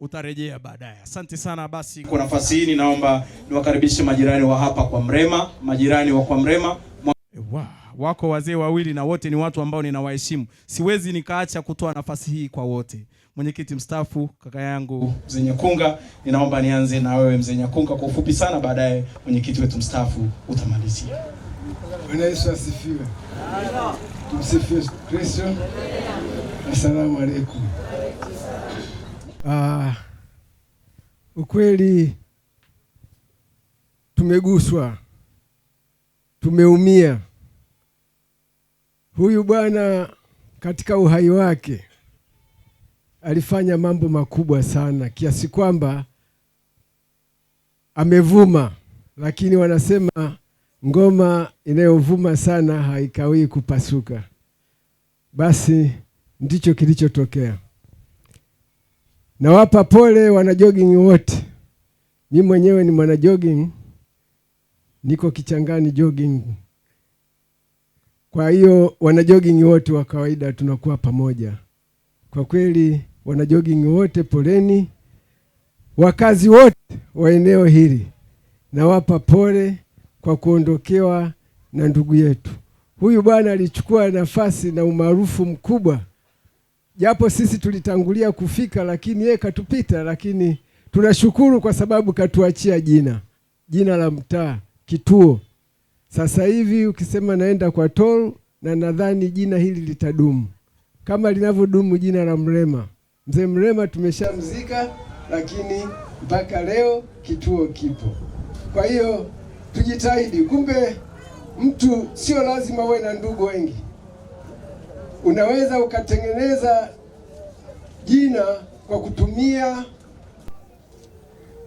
utarejea baadaye. Asante sana. Basi kwa nafasi hii ninaomba niwakaribishe majirani wa hapa kwa Mrema, majirani wa kwa Mrema wa, wako wazee wawili na wote ni watu ambao ninawaheshimu. Siwezi nikaacha kutoa nafasi hii kwa wote. Mwenyekiti mstaafu kaka yangu Mzee Nyakunga, ninaomba nianze na wewe Mzee Nyakunga kwa ufupi sana, baadaye mwenyekiti wetu mstaafu utamalizia. Bwana Yesu asifiwe. Tumsifiwe Kristo. Asalamu alaykum. Uh, ukweli tumeguswa, tumeumia. Huyu bwana katika uhai wake alifanya mambo makubwa sana kiasi kwamba amevuma, lakini wanasema ngoma inayovuma sana haikawii kupasuka. Basi ndicho kilichotokea. Nawapa pole wana jogging wote. Mi mwenyewe ni mwana jogging, niko Kichangani jogging. Kwa hiyo wana jogging wote wa kawaida tunakuwa pamoja. Kwa kweli wana jogging wote poleni, wakazi wote wa eneo hili nawapa pole kwa kuondokewa na ndugu yetu huyu. Bwana alichukua nafasi na umaarufu mkubwa japo sisi tulitangulia kufika, lakini yeye katupita, lakini tunashukuru kwa sababu katuachia jina, jina la mtaa, kituo. Sasa hivi ukisema naenda kwa toll, na nadhani jina hili litadumu kama linavyodumu jina la Mrema. Mzee Mrema tumeshamzika, lakini mpaka leo kituo kipo. Kwa hiyo tujitahidi. Kumbe mtu sio lazima uwe na ndugu wengi Unaweza ukatengeneza jina kwa kutumia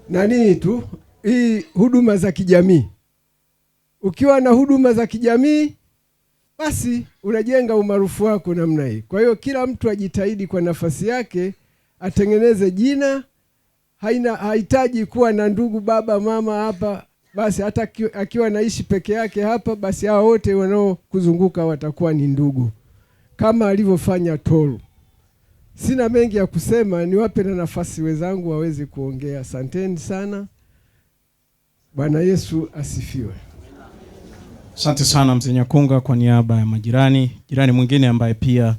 nani tu hii huduma za kijamii. Ukiwa na huduma za kijamii, basi unajenga umaarufu wako namna hii. Kwa hiyo kila mtu ajitahidi kwa nafasi yake atengeneze jina. Haina hahitaji kuwa na ndugu baba mama hapa, basi hata akiwa naishi peke yake hapa, basi hao wote wanaokuzunguka watakuwa ni ndugu kama alivyofanya Toru. Sina mengi ya kusema, niwape na nafasi wenzangu waweze kuongea. Asanteni sana. Bwana Yesu asifiwe. Asante sana mzee Nyakunga kwa niaba ya majirani. Jirani mwingine ambaye pia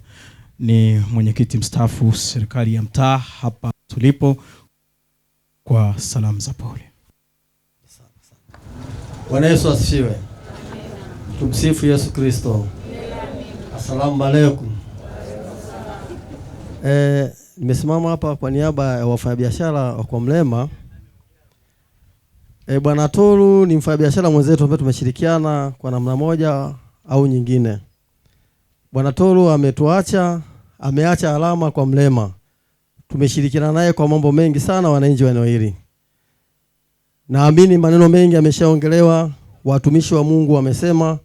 ni mwenyekiti mstaafu serikali ya mtaa hapa tulipo, kwa salamu za pole. Bwana Yesu asifiwe. Tumsifu Yesu Kristo. Asalamu alaykum. Eh, nimesimama hapa kwa niaba ya wafanyabiashara wa kwa Mlema. E, Bwana Tolu ni mfanyabiashara mwenzetu ambaye tumeshirikiana kwa namna moja au nyingine. Bwana Tolu ametuacha, ameacha alama kwa Mlema. Tumeshirikiana naye kwa mambo mengi sana, wananchi wa eneo hili. Naamini maneno mengi ameshaongelewa, watumishi wa Mungu wamesema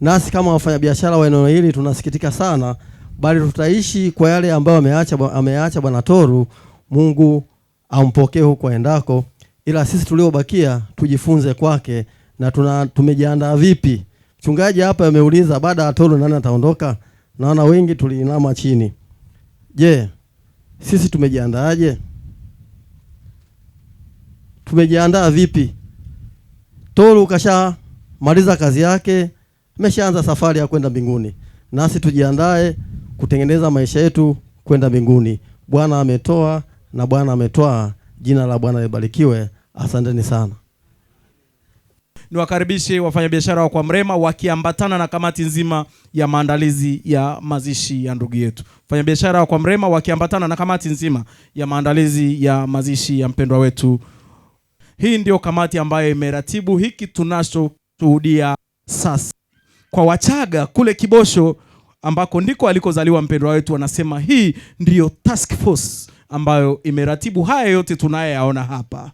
Nasi kama wafanyabiashara wa eneo hili tunasikitika sana, bali tutaishi kwa yale ambayo ameacha ameacha Bwana Toru. Mungu ampokee huko aendako, ila sisi tuliobakia tujifunze kwake na tuna tumejiandaa vipi. Mchungaji hapa ameuliza baada ya Toru nani ataondoka, naona wengi tuliinama chini. Je, sisi tumejiandaaje? Tumejiandaa vipi? Toru kasha maliza kazi yake meshaanza safari ya kwenda mbinguni, nasi tujiandae kutengeneza maisha yetu kwenda mbinguni. Bwana ametoa na Bwana ametoa, jina la Bwana libarikiwe. Asanteni sana. Niwakaribishe wafanyabiashara wa kwa Mrema wakiambatana na kamati nzima ya maandalizi ya mazishi ya ndugu yetu. Wafanyabiashara wa kwa Mrema wakiambatana na kamati nzima ya maandalizi ya mazishi ya mpendwa wetu. Hii ndio kamati ambayo imeratibu hiki tunachoshuhudia sasa. Kwa Wachaga kule Kibosho ambako ndiko alikozaliwa mpendwa wetu, wanasema hii ndiyo task force ambayo imeratibu haya yote tunayoyaona hapa.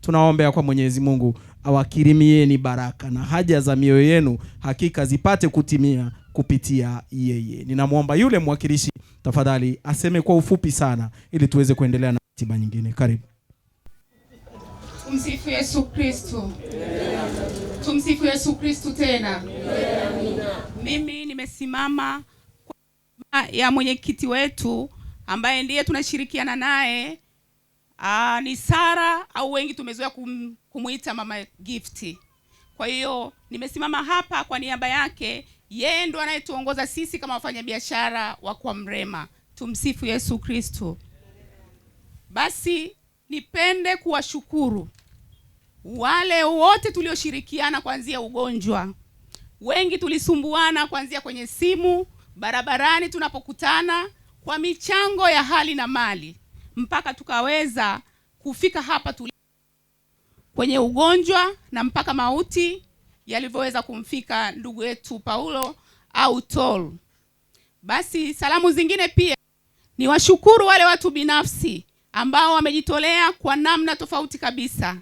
Tunaombea kwa Mwenyezi Mungu awakirimieni baraka na haja za mioyo yenu hakika zipate kutimia kupitia yeye. Ninamwomba yule mwakilishi tafadhali aseme kwa ufupi sana, ili tuweze kuendelea na tiba nyingine. Karibu. Msifu Yesu Kristo. Tumsifu Yesu Kristu tena Mimi nimesimama kwa ya mwenyekiti wetu ambaye ndiye tunashirikiana naye ni Sara au wengi tumezoea kum, kumwita mama Gifti. Kwa hiyo nimesimama hapa kwa niaba yake, yeye ndo anayetuongoza sisi kama wafanyabiashara wa kwa Mrema. Tumsifu Yesu Kristu. Basi nipende kuwashukuru wale wote tulioshirikiana kuanzia ugonjwa, wengi tulisumbuana kuanzia kwenye simu, barabarani tunapokutana, kwa michango ya hali na mali, mpaka tukaweza kufika hapa tuli kwenye ugonjwa na mpaka mauti yalivyoweza kumfika ndugu yetu Paulo au Tol. Basi salamu zingine pia ni washukuru wale watu binafsi ambao wamejitolea kwa namna tofauti kabisa.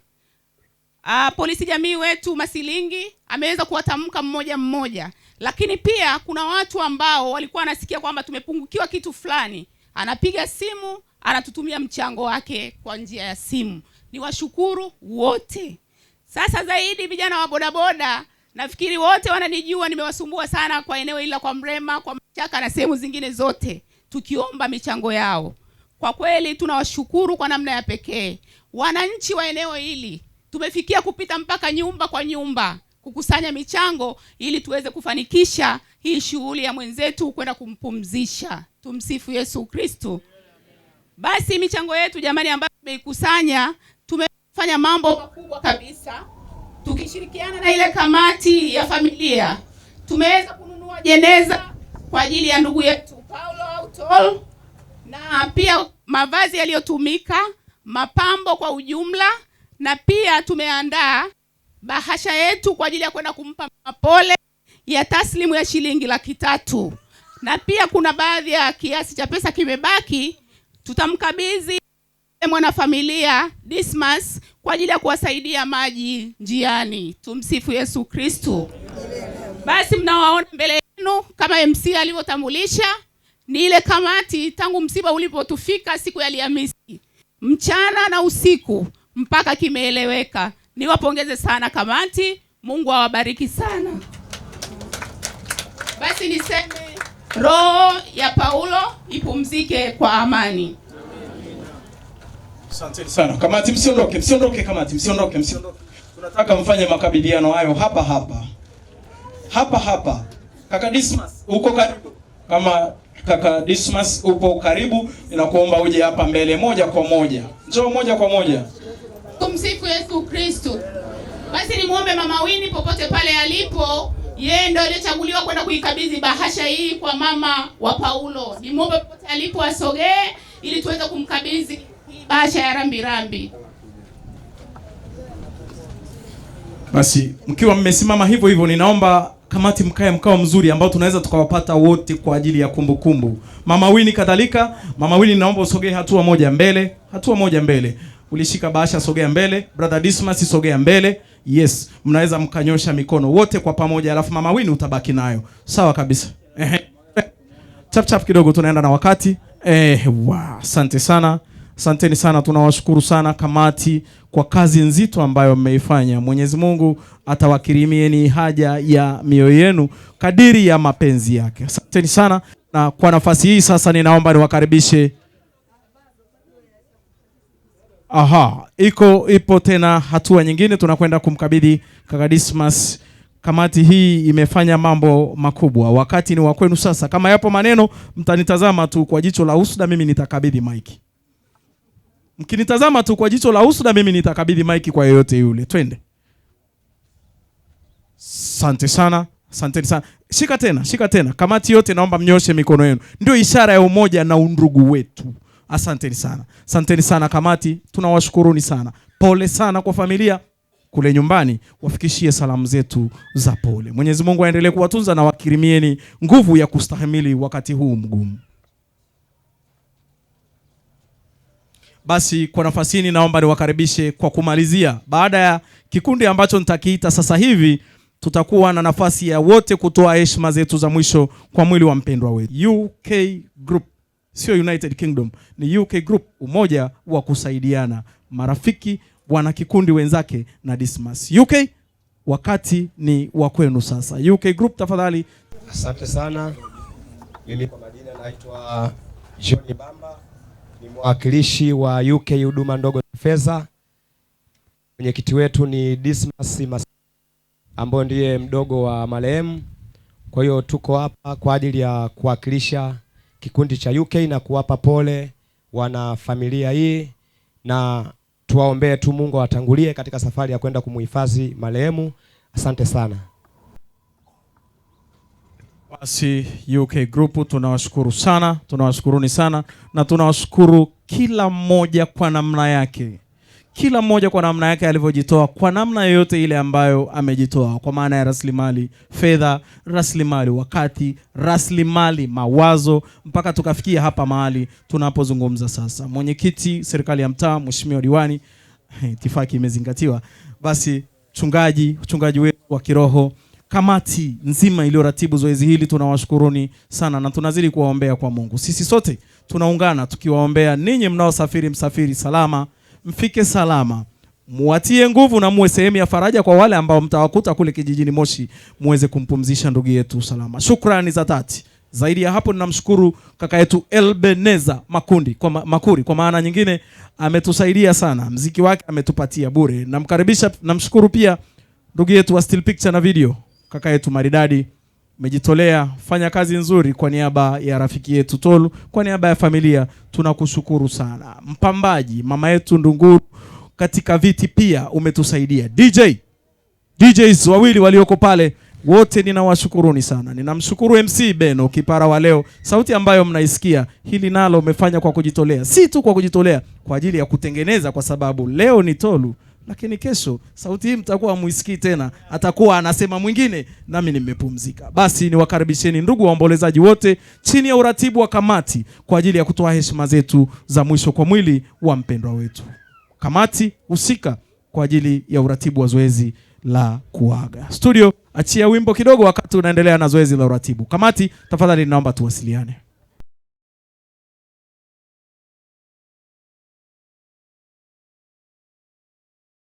Uh, polisi jamii wetu Masilingi ameweza kuwatamka mmoja mmoja, lakini pia kuna watu ambao walikuwa wanasikia kwamba tumepungukiwa kitu fulani, anapiga simu, anatutumia mchango wake kwa njia ya simu. Ni washukuru wote. Sasa zaidi vijana wa bodaboda, nafikiri wote wananijua, nimewasumbua sana kwa eneo hili kwa Mrema, kwa Mchaka na sehemu zingine zote, tukiomba michango yao. Kwa kweli tunawashukuru kwa namna ya pekee wananchi wa eneo hili Tumefikia kupita mpaka nyumba kwa nyumba kukusanya michango ili tuweze kufanikisha hii shughuli ya mwenzetu kwenda kumpumzisha. Tumsifu Yesu Kristo. Basi michango yetu jamani, ambayo tumeikusanya, tumefanya mambo makubwa kabisa, tukishirikiana na ile kamati ya familia tumeweza kununua jeneza kwa ajili ya ndugu yetu Paulo Autol, na pia mavazi yaliyotumika, mapambo kwa ujumla na pia tumeandaa bahasha yetu kwa ajili ya kwenda kumpa mapole ya taslimu ya shilingi laki tatu na pia kuna baadhi ya kiasi cha pesa kimebaki, tutamkabidhi mwanafamilia Dismas kwa ajili ya kuwasaidia maji njiani. Tumsifu Yesu Kristu. Basi mnawaona mbele yenu kama MC alivyotambulisha, ni ile kamati tangu msiba ulipotufika siku ya Alhamisi mchana na usiku mpaka kimeeleweka. Niwapongeze sana kamati, Mungu awabariki sana. Basi niseme roho ya Paulo ipumzike kwa amani. Asante sana kamati, msiondoke, msiondoke kamati, msiondoke, msiondoke. Tunataka mfanye makabidiano hayo hapa hapa hapa hapa. Kaka Dismas uko karibu, kama kaka Dismas upo karibu, ninakuomba uje hapa mbele moja kwa moja, njoo moja kwa moja. Tumsifu Yesu Kristo. Basi ni muombe Mama Winnie popote pale alipo, yeye ndio aliyechaguliwa kwenda kuikabidhi bahasha hii kwa mama wa Paulo. Ni muombe popote alipo asogee ili tuweze kumkabidhi bahasha ya rambirambi. Basi mkiwa mmesimama hivyo hivyo, ninaomba kamati mkae mkao mzuri ambao tunaweza tukawapata wote kwa ajili ya kumbukumbu kumbu. Mama Winnie kadhalika. Mama Winnie, naomba usogee hatua moja mbele, hatua moja mbele ulishika bahasha, sogea mbele. Brother Dismas, sogea mbele. Yes, mnaweza mkanyosha mikono wote kwa pamoja, alafu mama Wini utabaki nayo, sawa kabisa. Ehe, chap chap kidogo, tunaenda na wakati. Eh, wow, asante sana, asanteni sana, tunawashukuru sana kamati kwa kazi nzito ambayo mmeifanya. Mwenyezi Mungu atawakirimieni haja ya mioyo yenu kadiri ya mapenzi yake. Asanteni sana, na kwa nafasi hii sasa ninaomba niwakaribishe Aha, iko ipo tena hatua nyingine, tunakwenda kumkabidhi kaka Dismas. Kamati hii imefanya mambo makubwa, wakati ni wa kwenu sasa. Kama yapo maneno, mtanitazama tu kwa jicho la husuda, mimi nitakabidhi mike Mkinitazama tu kwa jicho la husuda, mimi nitakabidhi mike kwa yeyote yule. Twende. sante sana, asanteni sana. Shika tena, shika tena. Kamati yote, naomba mnyoshe mikono yenu, ndio ishara ya umoja na undugu wetu. Asanteni sana, asanteni sana kamati, tunawashukuruni sana. Pole sana kwa familia kule nyumbani, wafikishie salamu zetu za pole. Mwenyezi Mungu aendelee kuwatunza na wakirimieni nguvu ya kustahimili wakati huu mgumu. Basi kwa nafasi hii naomba niwakaribishe kwa kumalizia, baada ya kikundi ambacho nitakiita sasa hivi, tutakuwa na nafasi ya wote kutoa heshima zetu za mwisho kwa mwili wa mpendwa wetu UK Group sio United Kingdom, ni UK Group, umoja wa kusaidiana, marafiki, kikundi wenzake na Dismas UK. Wakati ni wa kwenu sasa, UK Group tafadhali. Asante sana. Mimi kwa majina naitwa John Bamba, ni mwakilishi wa UK huduma ndogo za fedha. Mwenyekiti wetu ni Dismas ambaye ndiye mdogo wa marehemu. Kwa hiyo tuko hapa kwa ajili ya kuwakilisha kikundi cha UK na kuwapa pole wana familia hii, na tuwaombee tu Mungu awatangulie katika safari ya kwenda kumuhifadhi marehemu. Asante sana. Basi UK Group tunawashukuru sana, tunawashukuruni sana na tunawashukuru kila mmoja kwa namna yake kila mmoja kwa namna yake alivyojitoa, kwa namna yoyote ile ambayo amejitoa, kwa maana ya rasilimali fedha, rasilimali wakati, rasilimali mawazo, mpaka tukafikia hapa mahali tunapozungumza sasa. Mwenyekiti, serikali ya mtaa, mheshimiwa diwani, itifaki imezingatiwa. Basi chungaji mchungaji wetu wa kiroho, kamati nzima iliyoratibu zoezi hili, tunawashukuruni sana na tunazidi kuwaombea kwa Mungu. Sisi sote tunaungana tukiwaombea ninyi mnaosafiri, msafiri salama mfike salama, muwatie nguvu na muwe sehemu ya faraja kwa wale ambao mtawakuta kule kijijini Moshi, muweze kumpumzisha ndugu yetu salama. Shukrani za tati Zaidi ya hapo ninamshukuru kaka yetu Elbeneza Makundi kwa ma, Makuri kwa maana nyingine ametusaidia sana, mziki wake ametupatia bure. Namkaribisha, namshukuru pia ndugu yetu wa Still Picture na video, kaka yetu maridadi umejitolea fanya kazi nzuri. Kwa niaba ya rafiki yetu Tolu, kwa niaba ya familia tunakushukuru sana. Mpambaji mama yetu Ndunguru katika viti pia umetusaidia. DJ DJs wawili walioko pale wote ninawashukuruni sana. Ninamshukuru MC Beno kipara wa leo, sauti ambayo mnaisikia hili nalo umefanya kwa kujitolea, si tu kwa kujitolea kwa ajili ya kutengeneza, kwa sababu leo ni Tolu lakini kesho sauti hii mtakuwa muisikii tena, atakuwa anasema mwingine, nami nimepumzika. Basi niwakaribisheni ndugu waombolezaji wote chini ya uratibu wa kamati kwa ajili ya kutoa heshima zetu za mwisho kwa mwili wa mpendwa wetu. Kamati husika kwa ajili ya uratibu wa zoezi la kuaga. Studio, achia wimbo kidogo wakati unaendelea na zoezi la uratibu. Kamati, tafadhali naomba tuwasiliane.